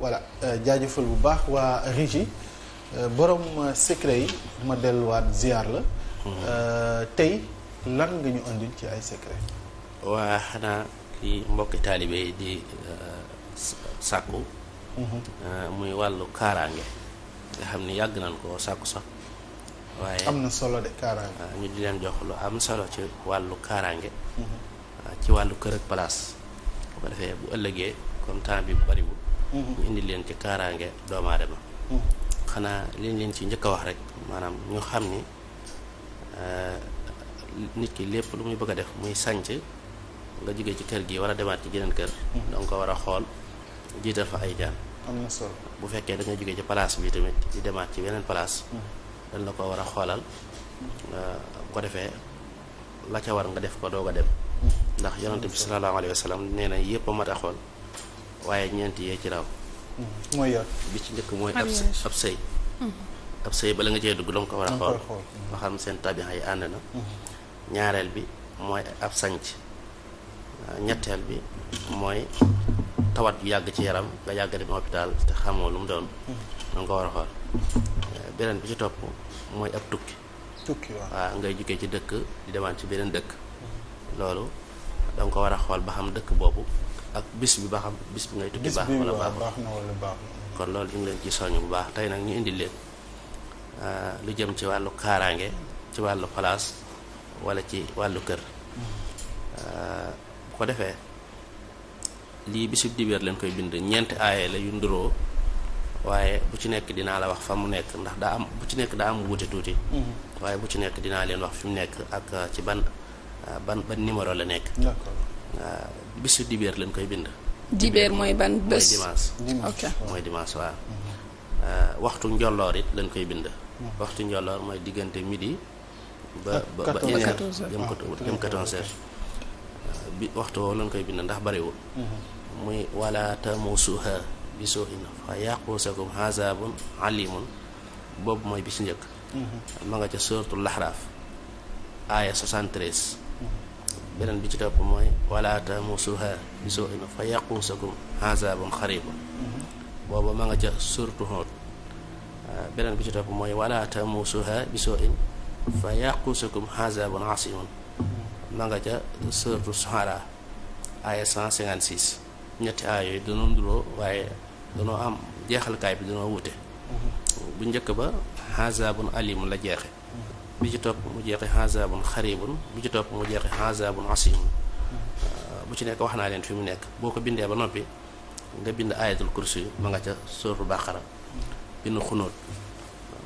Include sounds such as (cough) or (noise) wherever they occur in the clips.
voilà euh, jaajëfal bu baax waa Régie euh, borom euh, secret yi ma delluwaat ziar la. tey lan nga ñu andil ci ay secret. waa xanaa li mbokki taalibe di sàkku. Mhm. muy wàllu kaaraange. nga xam ni yàgg nañ ko sàkku sax. waaye am na solo de kaaraange. ñu di leen jox lu am solo ci wàllu kaaraange. Mhm. ci wàllu kër ak place. bu ko defee bu ëllëgee comme temps bi bu bariwul. ñu indi leen ci kaaraange doomu aadama xanaa liñ leen ci njëkk a wax rek maanaam ñu xam ni eh, nit ki lépp lu muy bëgg a def muy sànc nga jóge ci kër gi wala demaat ci geneen kër mm-hmm. danga ko war a xool jiital fa ay jaan am na solo bu fekkee da nga jóge ci place bi tamit di demaat ci beneen place mm-hmm. dañ la ko war a xoolal eh, bu ko defee la ca war nga def ko doog a dem mm-hmm. ndax yonante bi sallallahu alayhi wa sallam nee na yëpp mat a xool waaye ñeent yee ci raw mm-hmm. mooy bi ci njëkk mooy ab ab sëy mm-hmm. ab sëy bala nga cee dugg danga ko war a xool mm-hmm. ba xam seen tabixa yi ànd na ñaareel bi ab sanc ñetteel bi mooy tawat bu yàgg ci yaram nga yàgg dem hôpital te lu mu doon danga ko war a eh, beneen bi ci topp ab tukki tukki ngay jugee ci dëkk di demaat ci beneen dëkk loolu danga ko war a xool ba xam dëkk boobu ak bis bi ba xam bis bi ngay tukki baax wala baax na wala baax kon loolu ñu ngi leen ci soññ bu baax tey nag ñu indi leen ah, lu jëm ci wàllu kaaraange ci wàllu palaas wala ci wàllu kër mm-hmm. ah, bu ko defee lii bisub dibéer leen koy bind ñeenti aaye la yu nduroo waaye bu ci nekk dinaa la wax fa mu nekk ndax daa am bu ci nekk daa am wuute tuuti mm-hmm. waaye bu ci nekk dinaa leen wax fi mu nekk ak ci ban ah, ban ban numéro la nekk d'accord bisu dibeer lañ koy bind. dibeer mooy ban bés dimanche. dimanche mooy dimanche waaw. Mhm. Euh, waxtu njolloor it lañ koy bind. Mhm. waxtu njolloor mooy diggante midi. ba ah, ba ba une heure jëm quatorze ah, heures euh, bi waxtu woowu koy bind ndax bariwul. Mhm. muy wala boobu mooy bi si njëkk. ma nga ca suratul laxraaf aaya beneen bi ci topp mooy wala tamusuha bi soo in fa yaquusakum azabun xaribu booba ma nga ca surtu Hud ah, beneen bi ci topp mooy wala tamusuha bi soo in fa yaquusakum azabun asimun ma nga ca surtu Suhara aaya 156 ñetti aaya yooyu dañoo nduroo waaye dañoo am jeexalkaay bi dañoo wute mm-hmm. bu njëkk ba azabun alim la jeexe bi ci topp mu jeexi xazaabun xaribun bi ci topp mu jeexi xazaabun asimun bu ci nekk wax naa leen fi mu nekk boo ko bindee ba noppi nga bind ayatul kursi ma nga ca sóoru bàqara bind xunóot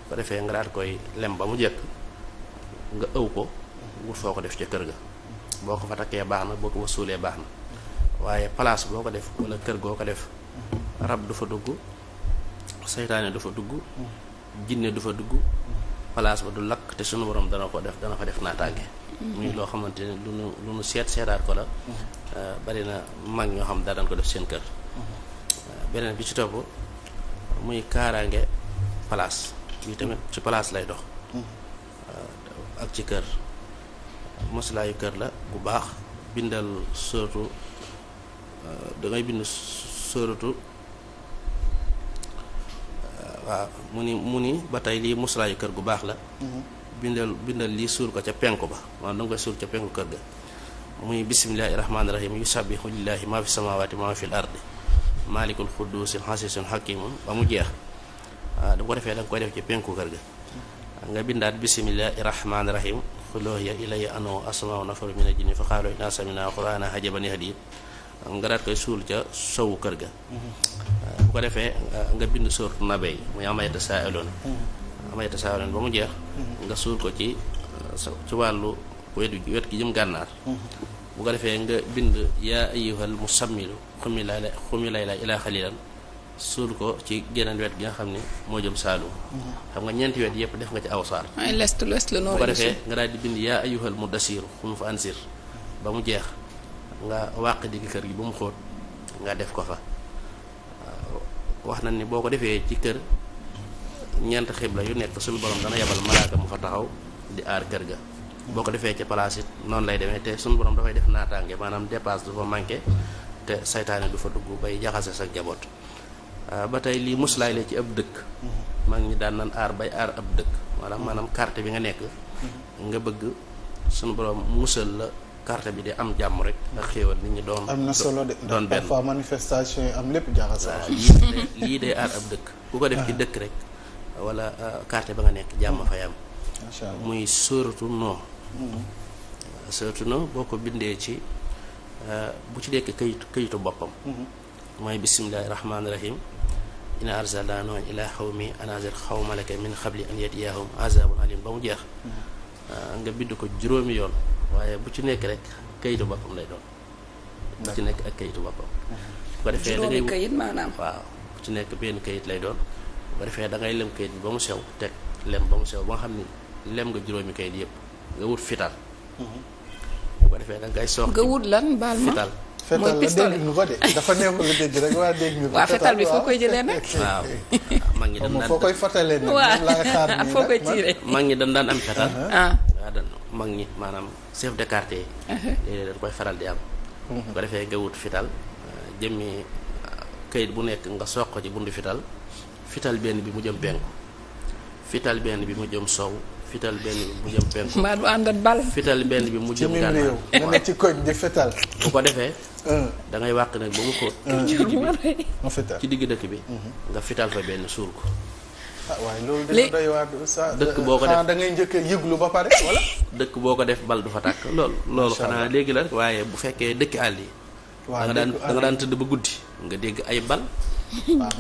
bu defee nga daal koy lem ba mu jekk nga ëw ko wut foo ko def ca kër ga boo ko fa takkee baax na boo ko fa suulee baax na waaye place boo ko def wala kër goo ko def rab du fa dugg seytaane du fa dugg jinne du fa dugg place ba du lakk te suñu borom dana ko def dana fa def naataange. Mm-hmm. muy loo xamante ne lu nu lu nu seet seetaat ko la. Mm-hmm. bari na mag ñoo xam daa daan ko def seen kër. Mm-hmm. Uh, beneen bi ci topp muy kaaraange palaas bi tamit ci place lay dox. Uh, ak ci kër moslaayu kër la bu baax bindal surtout uh, dangay bind surtout. waaw mu ni mu ni ba tey lii muslaayu kër gu baax la mhm. bindal bindal lii suur ko ca penku ba waaw da nga koy suur ca penku kër ga muy bisimillahi rahmaani rahim yusabihu lillahi maa fi samawati maa fi l ardi maalikul xudduusil xasiisul ba mu jeex da ko defee da nga def ci penku kër ga mhm. nga bindaat bisimillahi rahmaani rahim ya ilaya ano asmaaw nafaru mina jinni fa xaaloo inaa samina quraana hajaban yahdi nga daat koy suul ca sowu kër ga mhm. bu ko defee nga bind sourate Naba yi muy am ay tasaa'ilun am ay tasaa'ilun ba mu jeex nga suur ko ci uh, ci wàllu wet wet gi jëm gànnaar bu ko defee nga bind yaa ayyuhal musammilu xumi lay la xumi lay la ilaa xalilan suul ko ci geneen wet gi nga xam ne moo jëm saalum xam nga ñeenti wet yëpp def nga ci aw saar l'est l'ouest le bu ko defee nga daal di bind yaa ayyuhal mudassir xum fa ansir ba mu jeex nga wàq digg kër gi ba mu xóot nga def ko fa wax nañ ni boo ko defee ci kër ñeent xibla yu nekk suñu borom dana yabal malaaka mu fa taxaw di aar kër ga boo ko defee ci place noonu lay demee te suñu borom dafay def naataange maanaam dépasse du fa manqué te saytaane du fa dugg bay jaxase sa njaboot ah, ba tey lii muslaay la ci ab dëkk mm-hmm. mag ñi daan nan aar bay aar ab dëkk maanaam maanaam carte bi nga nekk mm-hmm. nga bëgg suñu borom musal la carte bi de am jàmm rek ndax xéewal nit ñi doon. am na solo de doon benn manifestation yi am lépp jaxasoo. lii lii day aar ab dëkk. ku ko def ci dëkk rek wala euh, carte ba nga nekk jàmm mm. fay am. muy sóoratu noo. Mm. Euh, sóoratu noo boo ko bindee ci euh, bu ci nekk këyitu këyitu boppam. Mm-hmm. mooy bisimilahi rahmaani rahim. ina arsalna noohan ilaa xawmi anazir xawmalaka min xabli an yatiyahum azabun alim ba mu jeex. Mm-hmm. nga bind ko juróomi yoon. waaye bu ci nekk rek kayitu boppam lay doon. bu ci nekk ak kayitu boppam. bu ko defee da ngay kayit maanaam. waaw bu ci nekk benn kayit lay doon bu ko defee dangay ngay kayit bi ba mu sew teg lem mu sew ba nga xam ni lem nga juróomi kayit yëpp nga wut fital. bu defee da ngay soog nga wut lan baal ma fital. fetal la dégg nga ko de dafa neexul lu dégg rek dégg nga. waaw bi foo koy jëlee nag. waaw (laughs) mag ñi daan koy fatalee nag. waaw (laughs) foo daan am fetal. Ah. mag maanaam chef de quartier uh-huh. léeg-léeg koy faral di am bu uh-huh. ko defee nga wut fital uh, jëmmi uh, kayit bu nekk nga soq ci bundu fital fital benn bi mu jëm penku fital benn bi mu jëm sow fital benn bi mu jëm penku mbaa benn bi mu jëm gànnaar nga ne ci koñ di fital bu ko defee uh. dangay wàq nag ba mu xóot ci digg dëkk bi uh-huh. nga fital fa benn suul ko ah, waaye dëkk euh, boo ko def da njëkk yëglu ba pare wala dëkk boo ko def bal du fa tàkk lool loolu xanaa léegi la rek waaye bu fekkee dëkk àll yi da nga daan tëdd ba guddi nga dégg ay bal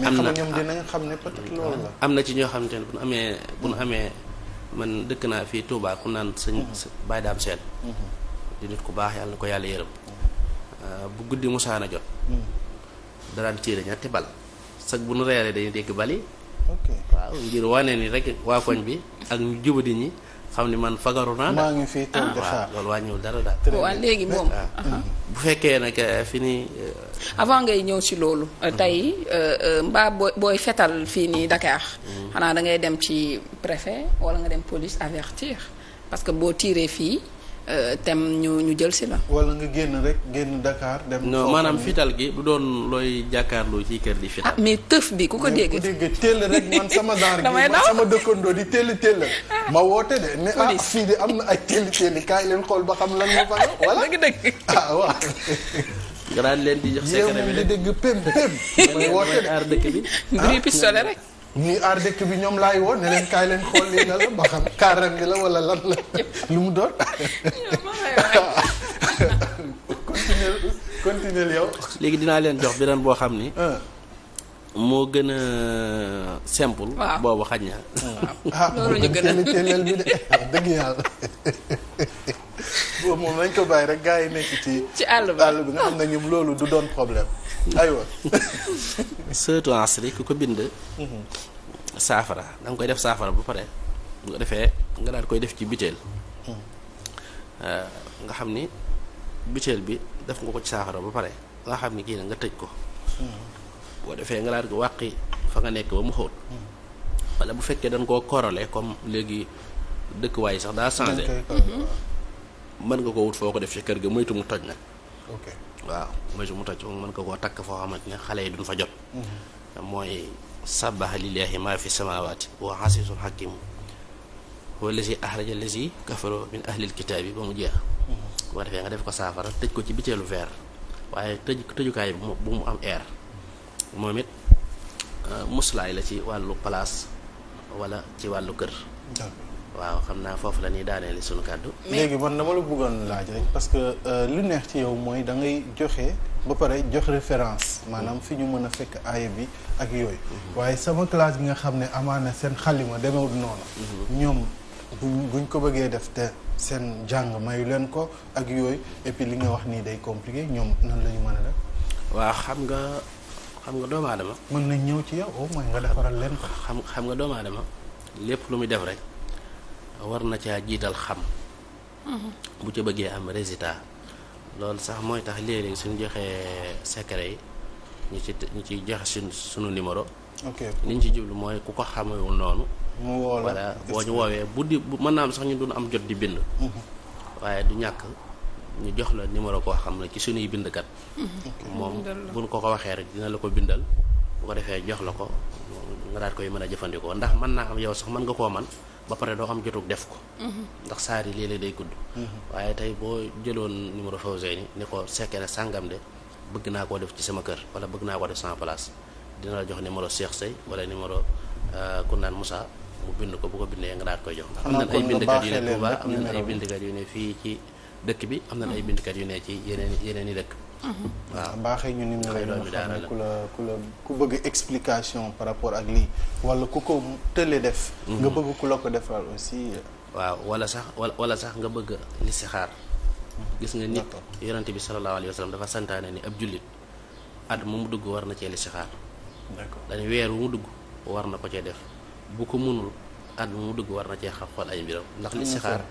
am na ñoom xam ne am na ci ñoo xamante ne bu amee bu nu amee man dëkk naa fii Touba ku naan sëñ mhm. Baye Dame Sène mhm. di nit ku baax yàlla na ko yàlla yërëm mhm. ah, bu guddi musaana jot daraan tiire ñetti bal sag bu nu reeree dañuy dégg bali waaw ngir wane ni rek waa koñ bi ak ñu jubadi ñi xam ni man fagaru naa. maa ngi fi toog di xaar ah, loolu wàññiwul dara daal. léegi moom. Ah, ah. Mm-hmm. bu fekkee nag eh, fi nii. Eh, avant ngay ñëw si loolu. Eh, mm-hmm. tey mbaa booy booy fetal fii nii dakaar mm-hmm. xanaa da ngay dem ci préfet walla nga dem police avertir parce que boo tiiree fii. Euh, tem ñu ñu jël si la. wala nga génn rek génn Dakar dem. non maanaam fital gi du doon looy jàkkaarloo ci kër di fital. Ah, mais tëf bi ku ko dégg. ku dégg teel rek man sama genre (laughs) gi man sama dëkkandoo di teel teel ma woote de ne ah fii am na ay teel leen xool ba xam lan moo fa wala dëgg dëgg ah waaw. nga daan leen di jox secret bi rek dégg pem pem. (laughs) mooy woote de aar dëkk bi. mbiri pistolet rek. ñuy aar dëkk bi ñoom laay woo ne leen kaay leen xool lii na la ba xam kaaram bi la wala lan la lu mu doon. continuer continuer yow. léegi dinaa leen jox beneen boo xam ni. Ah. moo gën a simple. waaw boobu xaj na. Ah, loolu ñu gën a teelal bi de dëgg yàlla. (laughs) boobu moom nañ ko bàyyi rek gars yi nekk ci. ci àll bi àll bi nga xam ne ñoom loolu du doon problème. aywa (laughs) surtout asri ku ko bind. Mhm. saafara danga koy def saafara ba pare bu ko defee nga daal koy def ci biteel. Mhm. Euh, nga xam ni biteel bi def nga ko ci saafara ba pare nga xam ni kii na nga tëj ko. Mhm. boo defee nga laat ko wàqi fa nga nekk ba mu xóot. wala bu fekkee dañ koo korole comme léegi dëkkuwaay yi sax daa changé. mën nga ko wut foo ko def ci kër gi moytu mu toj nag. waaw majj mu toj mën ko koo takk foo xamante ne xale yi duñ fa jot mm-hmm. mooy sabaha lillahi ma fi samawati wa asisun hakimu huwa lazi ahraja lazi kafaru min ahlil kitaabi ba mu jeex mm-hmm. bu defee nga def ko saafara tëj ko ci biteelu verre waaye tëj tëjukaay bu mu bu mu am air mm-hmm. moom it euh, muslaay la ci wàllu place wala ci wàllu kër waaw xam naa foofu la ñuy daaneeli suñu kàddu. léegi man dama la bëggoon laaj rek parce que euh, lu neex ci yow mooy da ngay joxe ba pare jox référence maanaam fi ñu mën a fekk aaya bi ak yooyu. Mhm. waaye sama classe bi nga xam ne amaan amaana seen xalima demewul noonu. Mhm. ñoom buñ buñ ko bëggee def te seen jàng mayu leen ko ak yooyu et li nga wax nii day compliqué ñoom nan lañu mën a def. waaw xam nga xam nga doomu aadama. mën nañ ñëw ci yow au moins nga defaral leen ko. xam xam nga doomu lépp lu muy def rek. war na caa jiital xam mhm. bu ca bëggee am résultat loolu sax mooy tax léeg-léeg suñu joxee secret yi ñu ci ñu ci joxe suñu numéro ok li ñu ci jublu mooy ku ko xamewul noonu mu boo ñu woowee bu di mën naa am sax ñu doon am jot di bind mhm. waaye du ñàkk ñu jox la numéro koo xam ne ci suñuy bindkat moom buñ ko ko waxee rek dina la ko bindal bu ko defee jox la ko nga daal koy mën a jëfandikoo ndax mën naa am yow sax mën nga koo man ba pare doo am jotug def ko. ndax saar yi léeg day gudd. waaye tey boo jëloon numéro Fawzeyni ni ko sekkee na sàngam de bëgg naa koo def ci sama kër wala bëgg naa koo def sama place dina la jox numéro Cheikh Sey wala numéro euh, ku naan Moussa mu bind ko bu ko bindee nga daal koy jox. am na ay bindkat yu ne Touba am nañ ay bindkat yu ne fii ci dëkk bi am na ay bindkat yu ne ci yeneen yeneen i dëkk. waaw baaxee ñu nim lay doon xam ne ku la ku la ku bëgg explication par rapport ak lii wala ku ko tële def mhm. nga bëgg ku la ko defal aussi waaw wala sax wala wala sax nga bëgg listixaar mhm. gis nga nit yonente bi sallallahu alayhi wa dafa santaane ni ab jullit at mu mu dugg war na cee listixaar d'accord dañ weer wu dugg war na ko cee def bu ko mënul at mu dugg war na cee xam xool ay mbiram ndax listixaar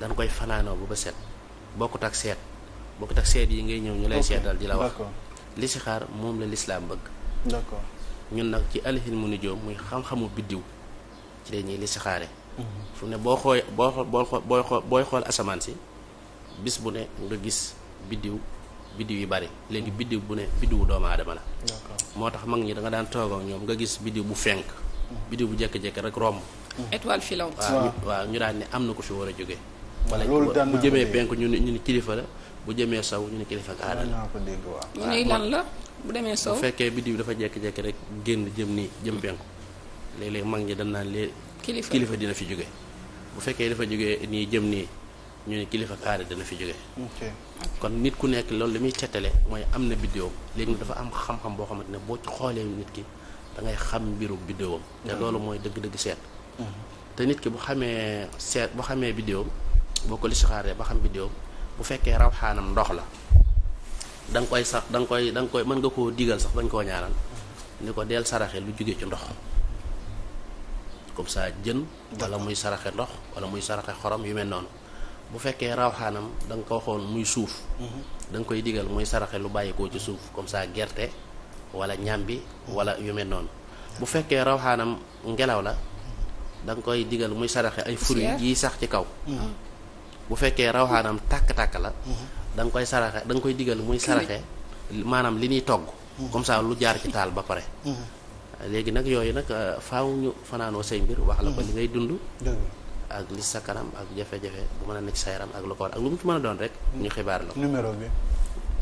dañ koy fanaanoo bu ba set bokkut ak seet boo ko ak seet yi ngay ñëw ñu lay seetal di la wax listixaar moom la lislaam bëgg d'accord ñun nag ci mu alxilmu nujoom muy xam-xamu biddiw ci la ñuy listixaare mhm. fu ne boo xooy boo xool boo xool booy xool booy xool asamaan si bis bu ne nga gis biddiw biddiw yu bari léegi mhm. biddiw bu ne biddiwu doomu aadama la moo tax mag ñi da nga daan toog ñoom nga gis biddiw bu fenk mhm. biddiw bu jékki-jékki rek romb étoile filante waaw ñu daan ne am na ko fi war a jóge wala bu jëmee penk ñu ne kilifa la bu jëmee saw ñu ne kilifa aada la ñu ne lan la bu demee saw bu fekkee biddiw bi dafa jékki-jékki rek génn jëm nii jëm penku léeg-léeg mag ñi dañ naan lee kilifa kilifa dina fi jóge bu fekkee dafa jógee nii jëm nii ñu ne kilifa aada dina fi jóge kon nit ku nekk loolu li muy seetale mooy am na biddiwam léegi dafa am xam-xam boo xamante ne boo ci xoolee nit ki da ngay xam mbiru biddiwam te mm-hmm. loolu mooy dëgg-dëgg seet mm-hmm. te nit ki bu xamee seet bu xamee biddiwam boo ko listixaaree ba xam biddiwam bu fekkee raw xaanam ndox la da koy sax danga koy danga koy mën nga koo digal sax bañ koo ñaanal ni ko deel saraxe lu jóge ci ndox comme sa jën wala muy saraxe ndox wala muy saraxe xorom yu mel noonu bu fekkee raw xaanam da ko waxoon muy suuf da koy digal muy saraxe lu bàyyikoo ci suuf comme ça gerte wala ñambi wala yu mel noonu bu fekkee raw xaanam ngelaw la da koy digal muy saraxe ay fruits yi sax ci kaw mm-hmm. bu fekkee rawxaanam tàkk-tàkk la mhm. danga koy saraxe danga koy digal muy saraxe maanaam li ñuy togg mhm. comme ça lu jaar ci taal ba pare mhm. léegi nag yooyu nag euh, faw ñu fanaanoo say mbir wax la ko li ngay dund ak li sa kanam ak jafe-jafe bu mën a nekk sa yaram ak lu ko war ak lu mu ci a doon rek ñu xibaar la numéro bi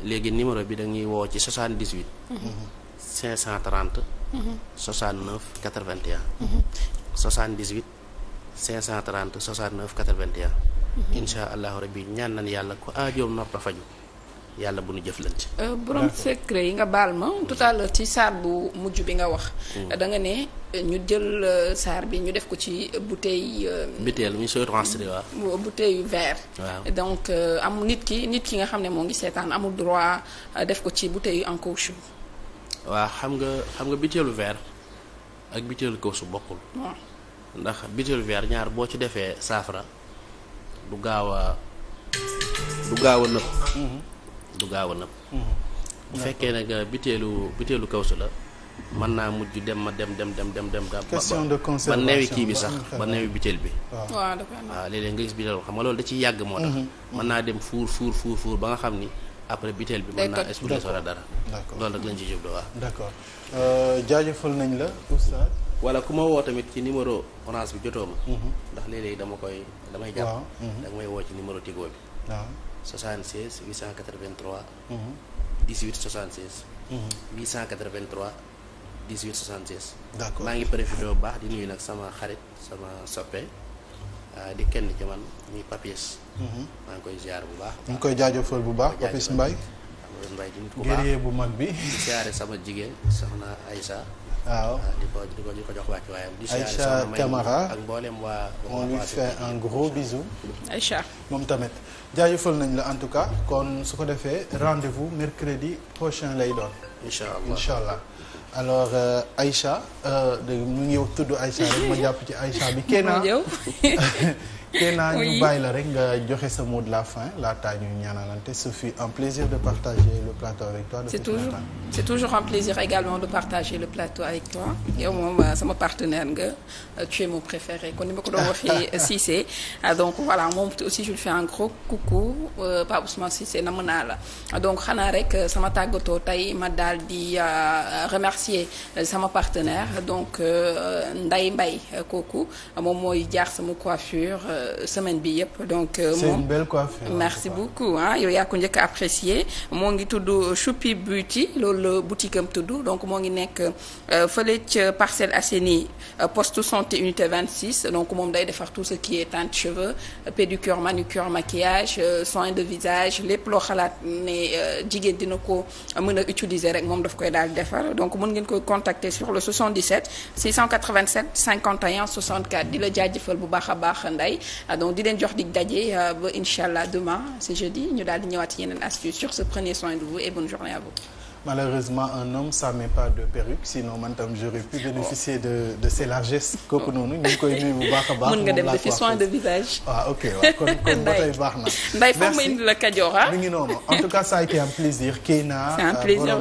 léegi numéro bi da ñuy woo ci 78 530 69 81 78 530 69 81 Mm-hmm. insha allahu rabbi ñaan nañ yàlla ku aajoom nopp a faju yàlla bu nu jëflante. Euh, borom secret yi nga baal ma tout ci saar bu mujj bi nga wax. Mm. da nga ne euh, ñu jël euh, saar bi ñu def ko ci bouteille. butéel ñu sooy transféré waaw. ver verre. donc am nit ki nit ki nga xam ne moo ngi seetaan amul droit def ko ci bouteille en caoutchouc. waaw xam nga xam nga butéelu ver ak butéelu caoutchouc bokkul. ndax butéelu verre ñaar boo ci defee saafara. du gaaw a du gaaw a nëb. Mm-hmm. du gaaw a nëb. Mm-hmm. bu fekkee nag euh, biteelu biteelu kawsu la mën naa mujj dem ma dem dem dem dem dem. question de conservation ba newi kii bi sax mm-hmm. ba newi biteel bi. waaw waaw léeg-léeg nga gis biteel xam nga loolu da ciy yàgg moo tax. mën naa dem fuur fuur fuur fuur ba nga xam ni. après biteel bi mën naa expliquer wala dara. d'accord loolu rek lañ ci jublu waaw. wala ku ma woo tamit ci numéro orange bi jotoo ma. Mhm. ndax léeg-léeg dama koy damay jàpp. waaw mhm. may woo ci numéro Tigo bi. waaw 76 883. 18 76. 883 18 76. maa ngi profité bu baax di nuy nag sama xarit sama soppe. Euh, di kenn ci man muy Papies. Mhm. maa ngi koy ziar bu baax. mu ngi koy jaajëfal bu baax Papies Mbaye. Papies Mbaye di bu mag bi. di ziare sama jigéen soxna Aïssa. waaw ah, di ko di ko jox wàcc waayam. di Aïcha Camara waa. on lui fait un gros bisou. Aïcha moom tamit jaajëfal nañ la en tout cas kon su ko defee rendez-vous mercredi prochain lay doon. incha allah incha allah. alors euh, Aïcha mu euh, ngi tudd Aïcha rek ma jàpp ci Aïcha bi. kenn ah. (laughs) (laughs) tey naa ñu bàyyi la rek nga joxe sa mot de la fin laataa ñuy ñaanalante ce fut un plaisir de partager le plateau avec toi. c'est toujours c'est plaisir également de partager le plateau avec toi yow moom euh, sama partenaire nga euh, tu es mon préféré kon ni ma ko doon waxee (laughs) euh, Cissé donc voilà moom aussi je lui fais un gros coucou ma Ousmane na namm naa la donc xanaa rek sama tàggatoo tey ma daal di remercier sama partenaire donc Nday Mbay kooku moom mooy jaar sama coiffure. Euh, semaine bi yëpp donc. moom euh, c'est une belle coiffure merci beaucoup yaa ko njëkk a moo ngi tudd Choupi Beauty loolu la boutique am tudd donc moo ngi nekk euh, fële ca Parcelles Assainies poste santé unité 26 donc moom day defar tout ce qui est teinte cheveux pédicure manucure maquillage soin de visage lépp loo xalaat ne jigéen dina ko mën a utiliser rek moom daf koy daal defar donc mën ngeen koy contacter sur le 77 687 51 64 di la jaajëfal bu baax a baax Ndeye Euh, donc di leen jox dig daje euh, ba incha allah demain c'est jeudi ñu daal di ñëwaat yeneen astuce sur ce prenez soin de vous et bonne journée à vous. malheureusement un homme ça pas de perruque sinon man j'aurais pu oh. bénéficier de de ses largesses. Oh. kooku noonu ñu ngi koy nuyu bu baax a baax. mën nga dem defi soin de visage. waaw ah, ok waaw kon kon ba (laughs) tey baax na. nday foog ma indi la Kajoor ah. mi ngi noonu en tout cas ça a été un plaisir. Keina c'est un euh, plaisir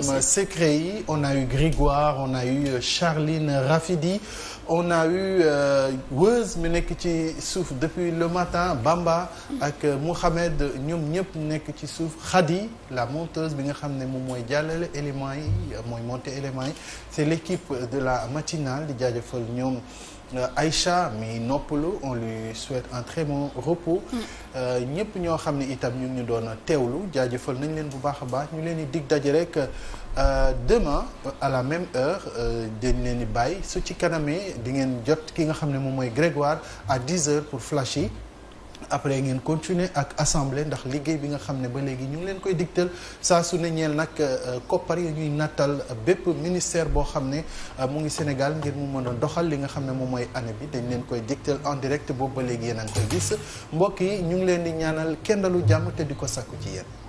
on a eu euh, Weuz mi nekk ci suuf depuis le matin Bamba ak euh, Mouhamed ñoom ñëpp nekk ci suuf Khady la monteuse bi nga xam ne moom mooy jàllale éléments yi mooy monter éléments yi c'est l'équipe de la matinale di jaajëfal ñoom ay euh, Aïcha mi noppalu on lui souhaite un très bon repos mm. euh, ñëpp ñoo xam ne itam ñu ñu doon a teewlu jaajëfal nañ leen bu baax a baax ñu leen di dig daje rek euh, demain à la même heure dañ leen di bàyyi su ci kanamee di ngeen jot ki nga xam ne moom mooy Grégoire à 10 heures pour Flash après ngeen continuer ak assemblée ndax liggéey bi nga xam ne ba léegi ñu ngi leen koy digtal saa su ne ñeel nag euh, koppar yi ñuy nattal bépp ministère boo xam ne euh, mu ngi Sénégal ngir mu mën a doxal li nga xam ne moom mooy année bi dañ leen koy digtal en direct boobu ba léegi yéen a ngi koy gis mbokk yi ñu ngi leen di ñaanal kendalu jàmm te di ko sakku ci yéen.